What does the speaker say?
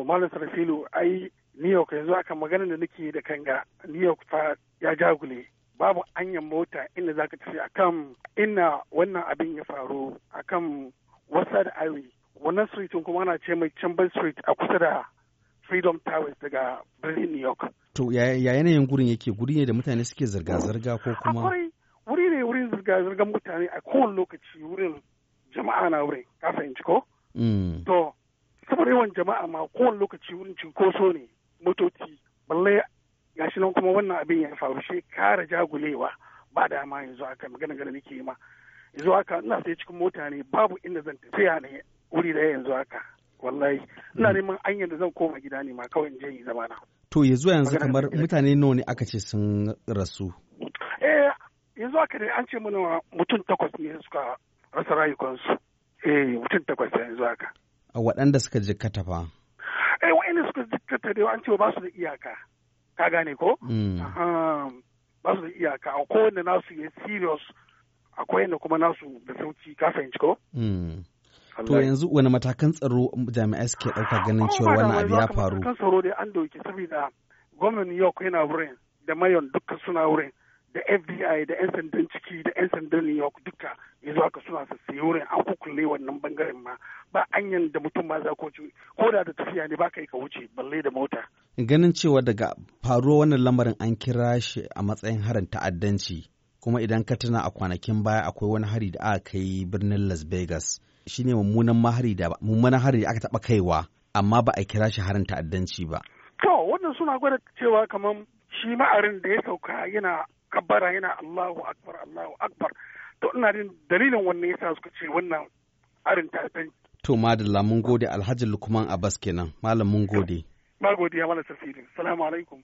to malam sarfilu ai new york yanzu aka magana da nake da kanga new york fa ya jagule babu anyan mota inda zaka tafi akan ina wannan abin ya faru akan wasa da awi wannan street kuma ana ce mai chamber street a kusa da freedom towers daga birnin new york to ya yanayin gurin yake guri ne da mutane suke zirga-zirga ko kuma ah, wuri ne wurin zirga-zirgar mutane a kowane lokaci wurin jama'a na wurin ka fahimci ko mm. to kuma yawan jama'a ma kowane lokaci wurin cinkoso ne motoci balle shi nan kuma wannan abin ya faru shi kara jagulewa ba da ma yanzu haka magana gana nake yi ma yanzu haka ina sai cikin mota ne babu inda zan tafiya ne wuri da yanzu haka wallahi ina mm. neman hanyar da zan koma gida ne ma kawai je yi zamana. to yanzu yanzu kamar mutane nawa ne aka ce sun rasu eh yanzu haka dai an ce mana mutum takwas ne suka rasa rayukansu eh mutum takwas yanzu haka a waɗanda suka jikkata fa eh waɗanda suka jikkata da an ce ba su da iyaka ka gane ko mm. ba su da iyaka a kowanne nasu ya serious akwai wanda kuma nasu da sauki ka fahimci ko mm. to yanzu wani matakan tsaro jami'ai suke ɗauka ah, ganin cewa wannan abu ya faru matakan tsaro dai an doke saboda gwamnan new york yana wurin da mayon dukkan suna wurin da fbi da 'yan sandan ciki da 'yan sandan new york duka zo haka suna sassaye wurin an kukule wannan bangaren ma ba anyan da mutum ma za ko da da tafiya ne ba ka yi ka wuce balle da mota ganin cewa daga faruwa wannan lamarin an kira shi a matsayin harin ta'addanci kuma idan ka tuna a kwanakin baya akwai wani hari da aka kai birnin las vegas shine mummunan mahari da mummunan hari da aka taba kaiwa amma ba a kira shi harin ta'addanci ba to wannan suna gwada cewa kamar shi ma'arin da ya sauka yana kabbara yana Allahu akbar Allahu akbar to ina jin dalilin wannan yasa suka ce wannan arin san to madalla mun gode Alhaji Lukman Abbas kenan malam mun gode na godiya malam Safirin assalamu alaikum